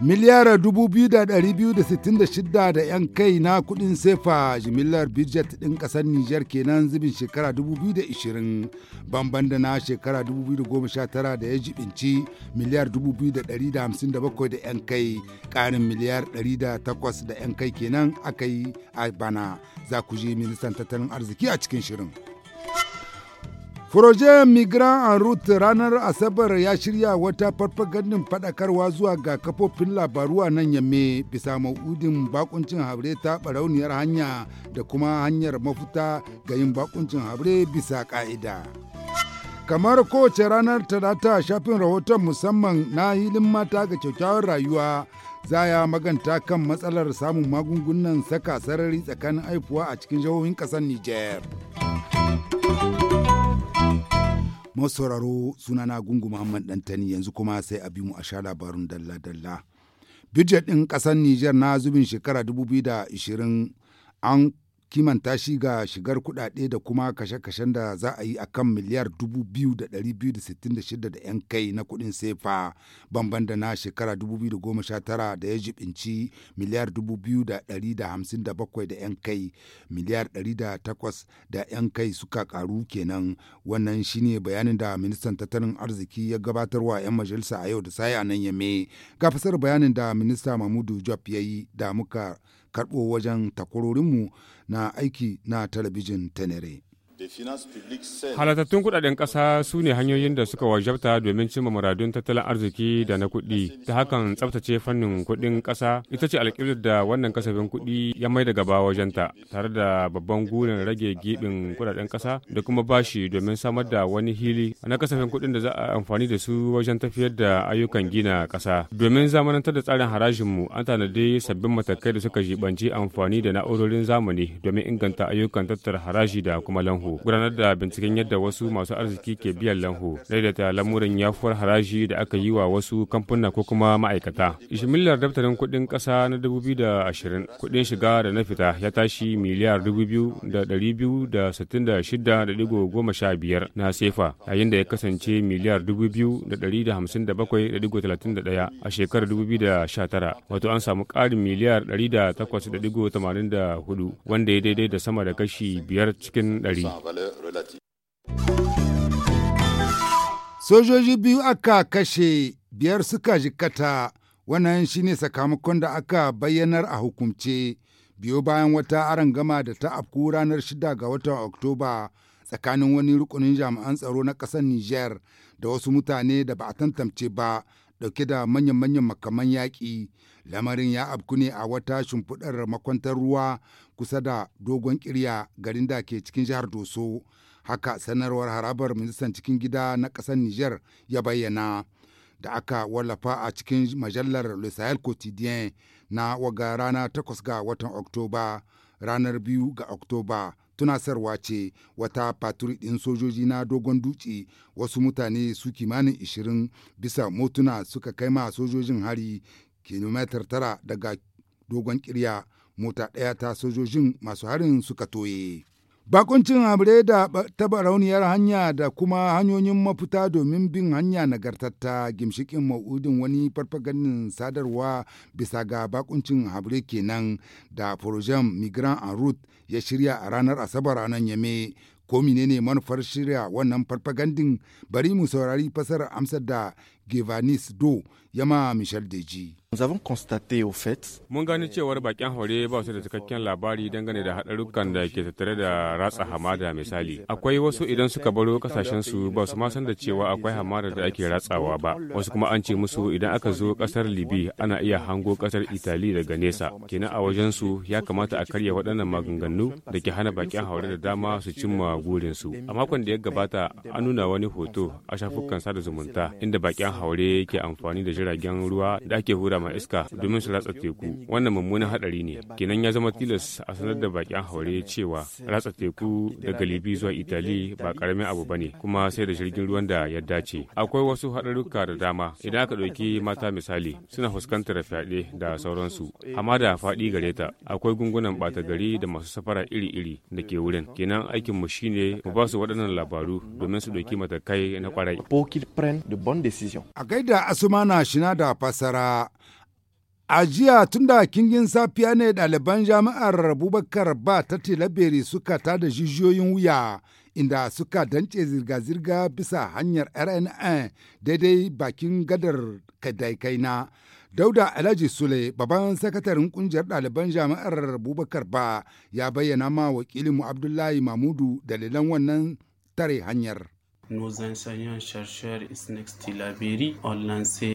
miliyar 2,266 da 'yan kai na kudin sefa jimillar budget ɗin ƙasar Nijar kenan zubin shekara 2020 bamban da na shekara 2019 da ya jibinci miliyar 2,157 da 'yan kai ƙarin miliyar 108 da 'yan kai kenan aka yi a bana za ku ji ministan tattalin arziki a cikin shirin. Furoje Migrant en route ranar Asabar ya shirya wata farfagandun fadakarwa zuwa ga kafofin labaru a nan yamme bisa ma'udin bakuncin habre ta barauniyar hanya da kuma hanyar mafuta ga yin bakuncin habre bisa ka'ida. Kamar kowace ranar talata shafin rahoton musamman na hilin mata ga kyakkyawar rayuwa zaya maganta kan matsalar samun magungunan saka sarari tsakanin haifuwa a cikin jihohin ƙasar Nijar. masauraro sunana gungu Muhammad Dantani yanzu kuma sai a bi mu a sha labarun dalla-dalla. Bijet ɗin ƙasar Nijar na zubin shekara 2020 an kimanta ta shiga shigar kuɗaɗe da kuma kashe-kashen da za a yi a kan miliyar 2,266 da 'yan kai na kuɗin sefa bamban da na shekara 2019 da ya jibinci miliyar 2,157 da 'yan kai miliyar 108 da 'yan kai suka karu kenan wannan shine bayanin da ministan tattalin arziki ya gabatarwa 'yan majalisa a yau da sai a nan yame ga fasar bayanin da minista mamudu job ya yi da muka karɓo wajen takwarorinmu na aiki na talabijin tenere. Halatattun kudaden ƙasa su ne hanyoyin da suka wajabta domin cimma muradun tattalin arziki da na kuɗi, ta hakan tsabtace fannin kuɗin ƙasa ita ce alƙiblar da wannan kasafin kuɗi ya mai da gaba wajenta, tare da babban gurin rage giɓin kudaden ƙasa da kuma bashi domin samar da wani hili na kasafin kuɗin da za a amfani da su wajen tafiyar da ayyukan gina kasa Domin zamanantar da tsarin harajinmu an tanadi sabbin matakai da suka jibanci amfani da na'urorin zamani domin inganta ayyukan tattara haraji da kuma lanhu. lanho gudanar da binciken yadda wasu masu arziki ke biyan lanho daidaita lamurin yafuwar haraji da aka yi wa wasu kamfuna ko kuma ma'aikata ishimillar daftarin kuɗin ƙasa na 2020 kuɗin shiga da na fita ya tashi miliyar 2,266.15 na sefa yayin da ya kasance miliyar 2,157.31 a shekarar 2019 wato an samu ƙarin miliyar 108.84 wanda ya daidai da sama da kashi biyar cikin ɗari. valeur relative. Sojoji biyu aka kashe biyar suka jikata wannan shi ne sakamakon da aka bayyanar a hukumce biyu bayan wata gama da ta afku ranar 6 ga watan Oktoba tsakanin wani rukunin jami'an tsaro na ƙasar Nijar da wasu mutane da ba a tantance ba dauke da manyan-manyan makaman yaƙi lamarin ya afku ne a wata shimfiɗar makwantar ruwa kusa da dogon kirya garin da ke cikin jihar Doso. Haka sanarwar harabar ministan cikin gida na ƙasar niger ya bayyana. Da aka wallafa a cikin majalar Le Sahel na waga rana 8 ga watan Oktoba, ranar 2 ga Oktoba tuna sarwa ce wata faturi ɗin sojoji na dogon dutse wasu mutane su kimanin 20 bisa motuna suka kai ma sojojin hari kilomitar tara daga dogon kirya mota ɗaya ta sojojin masu harin suka toye. Bakuncin abure da taba rauniyar hanya da kuma hanyoyin mafita domin bin hanya nagartatta gimshikin ma'udin wani farfaganin sadarwa bisa ga bakuncin habre kenan da Projem Migrant en route ya shirya a ranar Asabar a nan Yame ko menene manufar shirya wannan farfagandin bari mu saurari fasar amsar da Gevanis Do yama Michel Deji. Mun gani cewar bakin haure ba su da cikakken labari dangane da hadarukan da ke tattare da ratsa hamada misali. Akwai wasu idan suka baro kasashen su ba su ma san da cewa akwai hamada da ake ratsawa ba. Wasu kuma an ce musu idan aka zo kasar Libi ana iya hango kasar Itali daga nesa. Kenan a wajen su ya kamata a karya waɗannan maganganu da ke hana bakin haure da dama su cimma gurin su. A makon da ya gabata an nuna wani hoto a shafukan sada zumunta inda bakin haure ke amfani da jiragen ruwa da ake hura ma iska domin su ratsa teku wannan mummunan hadari ne kenan ya zama tilas a sanar da bakin haure cewa ratsa teku daga libi zuwa itali ba karamin abu bane kuma sai da jirgin ruwan da ya dace akwai wasu haɗarurruka da dama idan aka ɗauki mata misali suna fuskantar fyaɗe da sauransu amma da faɗi gare ta akwai gungunan bata gari da masu safara iri-iri da ke wurin kenan aikin mu shine mu ba su waɗannan labaru domin su ɗauki matakai na kwarai a gaida asumana shina da fasara A jiya tun da kingin safiya ne ɗaliban jami'ar Abubakar ba ta tilaberi suka tada jijiyoyin wuya inda suka dance zirga-zirga bisa hanyar RNN daidai bakin gadar kadaikaina. Dauda Alhaji Sule, babban sakataren kungiyar ɗaliban jami'ar Abubakar ba ya bayyana ma wakilinmu Abdullahi Mamudu dalilan wannan tare hanyar.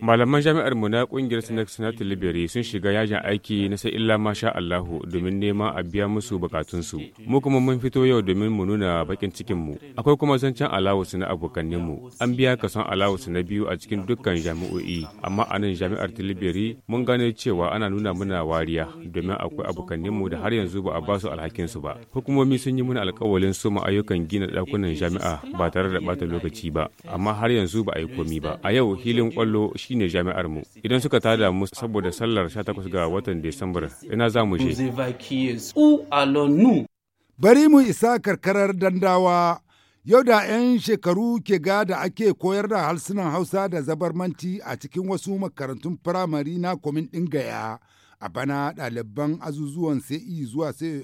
Malaman jami'ar mu na kungiyar Sinex na Tilibiri sun shiga yajin aiki na sai illa masha Allahu domin neman a biya musu bukatunsu. Mu kuma mun fito yau domin mu nuna bakin cikin mu. Akwai kuma zancen alawusu na abokannin mu. An biya kason alawusu na biyu a cikin dukkan jami'o'i. Amma a nan jami'ar Tilibiri mun gane cewa ana nuna muna wariya domin akwai abokannin mu da har yanzu ba a basu alhakinsu alhakin su ba. Hukumomi sun yi mana alkawalin suma ayyukan gina dakunan jami'a ba tare da da lokaci ba amma har yanzu ba a yi komi ba a yau hilin kwallo shine jami'ar mu idan suka tada mu saboda sallar 18 ga watan Desambar ina za mu je bari mu isa karkarar dandawa yau da 'yan shekaru ke ga da ake koyar da harsunan hausa da zabarmanci a cikin wasu makarantun firamare na komin ɗin gaya a bana ɗaliban azuzuwan sai e zuwa sai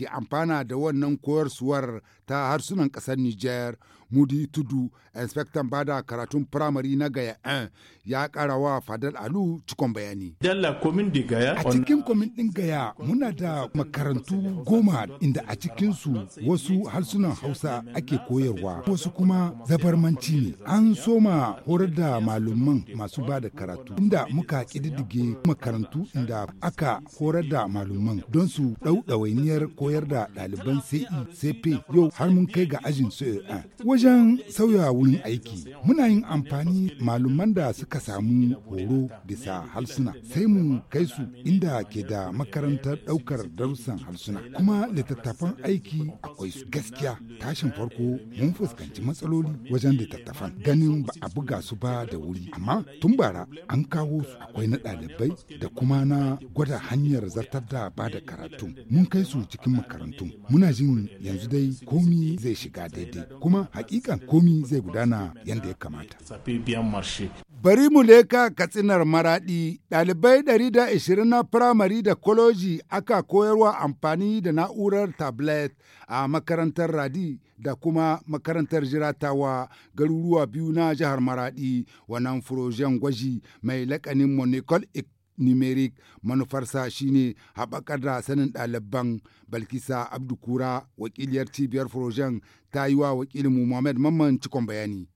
ke amfana da wannan koyarsuwar ta harsunan ƙasar Nijar, Mudi Tudu, inspector bada karatun firamare na Gaya 1 ya ƙara wa Fadal Alu cikon bayani. A cikin komin ɗin Gaya muna da makarantu goma inda a cikinsu wasu harsunan Hausa ake koyarwa, wasu kuma zabarmanci ne. An soma horar da malumman masu ba da karatu, inda muka ƙididdige makarantu inda aka horar da malaman don su ɗau ɗawainiyar koyarwa. koyar da ɗaliban CE, CP yau har mun kai ga ajin su e Wajen sauya wurin aiki, muna yin amfani malaman da suka samu horo bisa halsuna, sai mu kai su inda ke da makarantar ɗaukar darussan halsuna. Kuma littattafan aiki akwai su gaskiya tashin farko mun fuskanci matsaloli wajen littattafan ganin ba a buga su ba da wuri amma tun bara an kawo su akwai na ɗalibai da kuma na gwada hanyar zartar da ba da karatu mun kai su cikin cikin makarantu muna jin yanzu dai komi zai shiga daidai kuma hakikan komi zai gudana yadda ya kamata bari mu leka katsinar maradi ɗalibai 120 na firamare da koloji aka koyarwa amfani da na'urar tablet a makarantar radi da kuma makarantar jiratawa garuruwa biyu na jihar maradi wannan furojen gwaji mai lakanin monicol numeric sa shine haɓakar da sanin ɗaliban balkisa abdukura wakiliyar cibiyar projen ta yi wa wakilin muhammad mamman cikon bayani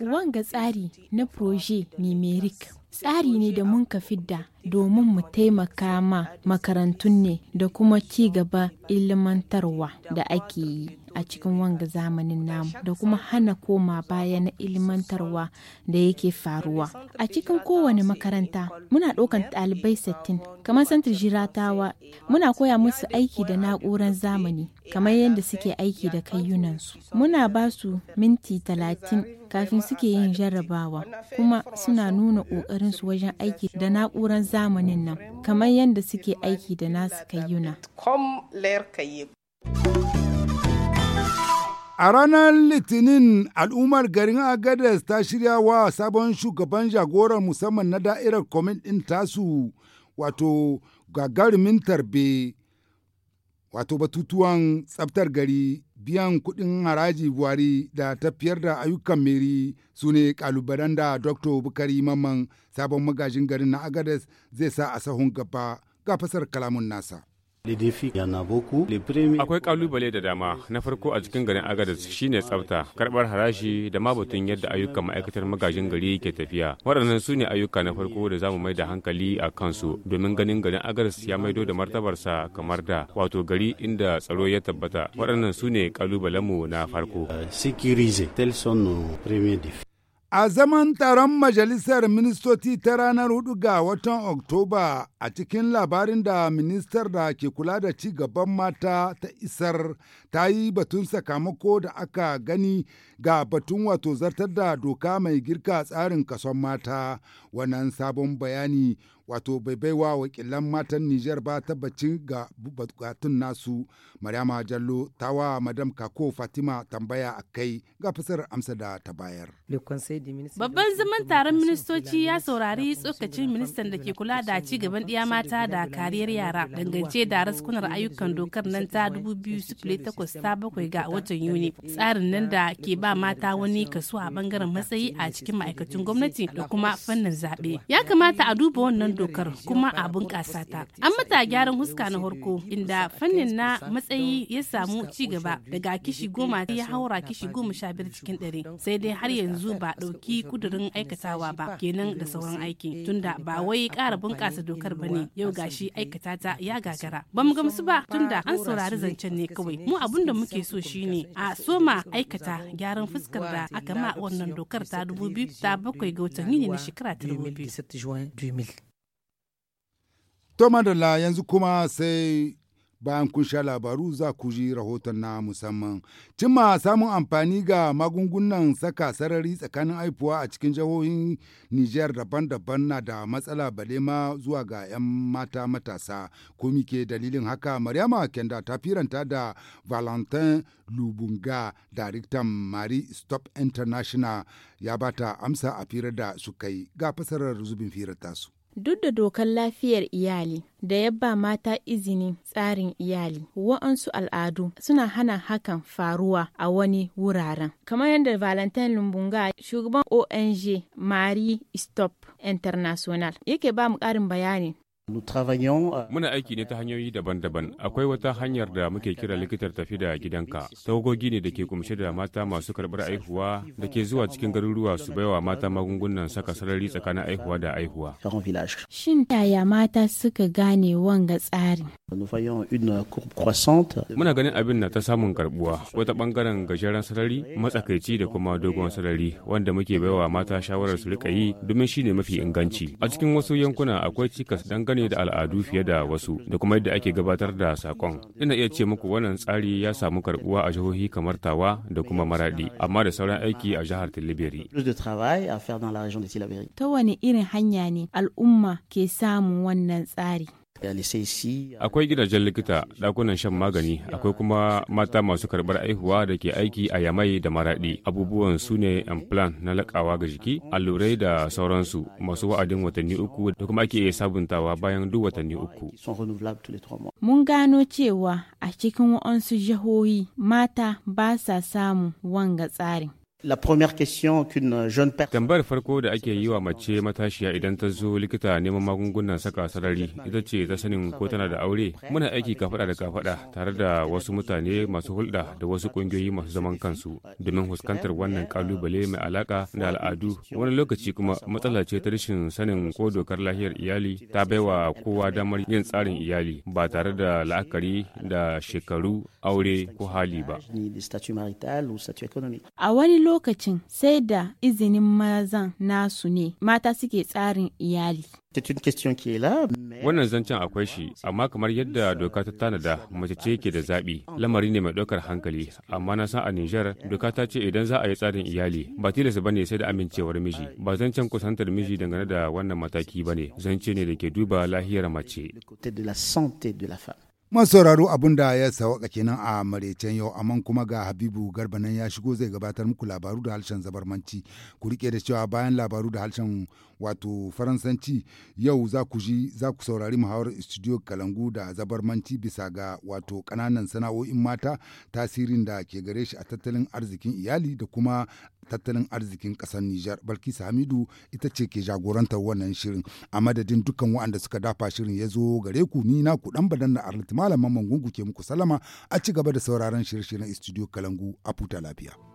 Wanga tsari na proje numeric tsari ne da mun ka fidda domin mu taimaka ma makarantun ne da kuma ci gaba ilimantarwa da ake yi. a cikin wanga zamanin namu da kuma hana koma baya na ilmantarwa da yake faruwa. A cikin kowane makaranta muna ɗaukan ɗalibai sattin kamar santar jiratawa muna koya musu aiki da na'urar zamani kamar yadda suke aiki da kayyunansu. Muna ba su minti talatin kafin suke yin jarrabawa kuma suna nuna ƙoƙarinsu wajen aiki da na'urar zamanin nan kamar yadda suke aiki da nasu kayyuna. A ranar Litinin, al'ummar garin Agadez ta shirya wa sabon shugaban jagorar musamman na da'irar komin ɗin tasu wato gagarumin tarbe, wato batutuwan tsabtar gari, biyan kuɗin haraji buhari da tafiyar da ayyukan meri su ne ƙalubalen da Dr. Bukari Mamman sabon magajin garin na Agadez zai sa a sahun gaba ga fasar kalamun nasa. Akwai kalubale da dama na farko a cikin garin Agadez shine tsafta, karbar harashi da ma batun yadda ayyukan ma'aikatar magajin gari ke tafiya. Waɗannan su ne ayyuka na farko da zamu mai da hankali a kansu domin ganin garin Agadez ya maido da martabarsa kamar da wato gari inda tsaro ya tabbata. Waɗannan su ne kalubalenmu na farko. Euh, A zaman taron Majalisar Ministoci ta ranar 4 ga watan Oktoba a cikin labarin da ministar da ke kula da ci gaban mata ta isar ta yi batun sakamako da aka gani ga batun wato zartar da doka mai girka tsarin kason mata. Wannan sabon bayani wato bai baiwa wakilan matan Nijar ba tabbacin ga bukatun nasu Maryama Jallo ta wa Madam Kako Fatima tambaya a kai ga fasar amsa da ta bayar. Babban zaman taron ministoci ya saurari tsokacin ministan da ke kula da ci gaban ɗiya mata da kariyar yara dangance da raskunar ayyukan dokar nan ta 2008 ta bakwai ga watan Yuni. Tsarin nan da ke ba mata wani kaso a bangaren matsayi a cikin ma'aikacin gwamnati da kuma fannin zaɓe. Ya kamata a duba wannan dokar kuma a bunƙasa ta an mata gyaran huska na harko inda fannin na matsayi ya samu ci gaba daga kishi goma ya haura kishi goma sha biyar cikin dare sai dai har yanzu ba ɗauki kudurin aikatawa ba kenan da sauran aiki tunda ba wai ƙara bunƙasa dokar ba ne yau gashi aikata ta ya gagara ba mu gamsu ba tunda an saurari zancen ne kawai mu abun da muke so shine a soma aikata gyaran fuskar da aka ma wannan dokar ta dubu biyu ta bakwai ga watanni ne na shekara ta dubu biyu To madalla yanzu kuma sai bayan kun sha labaru za ku ji rahoton na musamman. Cimma samun amfani ga magungunan saka sarari tsakanin haifuwa a cikin jihohin Nijar daban-daban na da matsala bale ma zuwa ga 'yan mata matasa. Ko ke dalilin haka Maryama Kenda ta firanta da Valentin Lubunga, daraktan Mari Stop International ya bata amsa a firar da su kai ga fasarar zubin firar tasu. Duk da dokar lafiyar iyali da ya ba mata izini tsarin iyali, wa'ansu al'adu suna hana hakan faruwa a wani wuraren. Kamar yadda Valentine Lumbunga, shugaban ONG Marie Stop International, yake ba mu ƙarin bayani. Euh, Muna aiki ne ta hanyoyi daban-daban. Akwai wata hanyar da muke kira likitar tafi da gidanka. Tawagogi ne da ke kumshe da mata masu karɓar aihuwa da ke zuwa cikin garuruwa su baiwa mata magungunan saka sarari tsakanin aihuwa da aihuwa. Shin taya mata suka gane wanga tsari? Muna ganin abin na ta samun karbuwa wata bangaren gajeren sarari matsakaici da kuma dogon sarari wanda muke baiwa mata shawarar su rika yi domin shi ne mafi inganci. A cikin wasu yankuna akwai cikas dangane da al'adu fiye da wasu da kuma yadda ake gabatar da sakon. Ina iya ce muku wannan tsari ya samu karbuwa a jihohi kamar Tawa da kuma Maradi amma da sauran aiki a jihar Tilibiri. Ta wani irin hanya ne al'umma ke samun wannan tsari? Akwai gidajen likita, ɗakunan shan magani, akwai kuma mata masu karɓar aihuwa da ke aiki a yamai da maraɗi. Abubuwan su ne implant na lakawa ga jiki, allurai da sauransu masu wa'adin watanni uku da kuma ake sabuntawa bayan duk watanni uku. Mun gano cewa a cikin wa'ansu jihohi mata ba sa samun wanga tsarin. La première question qu'une jeune personne. Tambayar farko da ake yi wa mace matashiya idan ta zo likita neman magungunan saka sarari ita ce ta sanin ko tana da aure. Muna aiki kafada da kafada tare da wasu mutane masu hulɗa da wasu ƙungiyoyi masu zaman kansu domin fuskantar wannan kalubale mai alaka da al'adu. Wani lokaci kuma matsala ce ta rashin sanin ko dokar lafiyar iyali ta baiwa kowa damar yin tsarin iyali ba tare da la'akari da shekaru aure ko hali ba. A wani lokacin sai da izinin mazan nasu ne mata suke tsarin iyali. Wannan zancen akwai shi, amma kamar yadda doka ta tanada mace ce ke da zaɓi, lamari ne mai ɗaukar hankali, amma na san a Nijar doka ta ce idan za a yi tsarin iyali, ba tilas ba ne sai da amincewar miji, ba zancen kusantar miji dangane da wannan mataki ba ne, zance ne da ke duba lahiyar mace. masu sauraro abin da ya sawaka kenan a maraicen yau amma kuma ga Habibu Garba nan ya shigo zai gabatar muku labaru da harshen zabarmanci. Ku rike da cewa bayan labaru da harshen wato Faransanci yau za ku ji za ku saurari muhawar studio Kalangu da zabarmanci bisa ga wato kananan sana'o'in mata tasirin da ke gare shi a tattalin arzikin iyali da kuma tattalin arzikin ƙasar Nijar. Balkisa Hamidu ita ce ke jagorantar wannan shirin a madadin dukkan waɗanda suka dafa shirin ya zo gare ku ni na ku dan badan na malaman mangungu ke muku salama a ci gaba da sauraron shirye-shiryen Studio Kalangu a futa lafiya.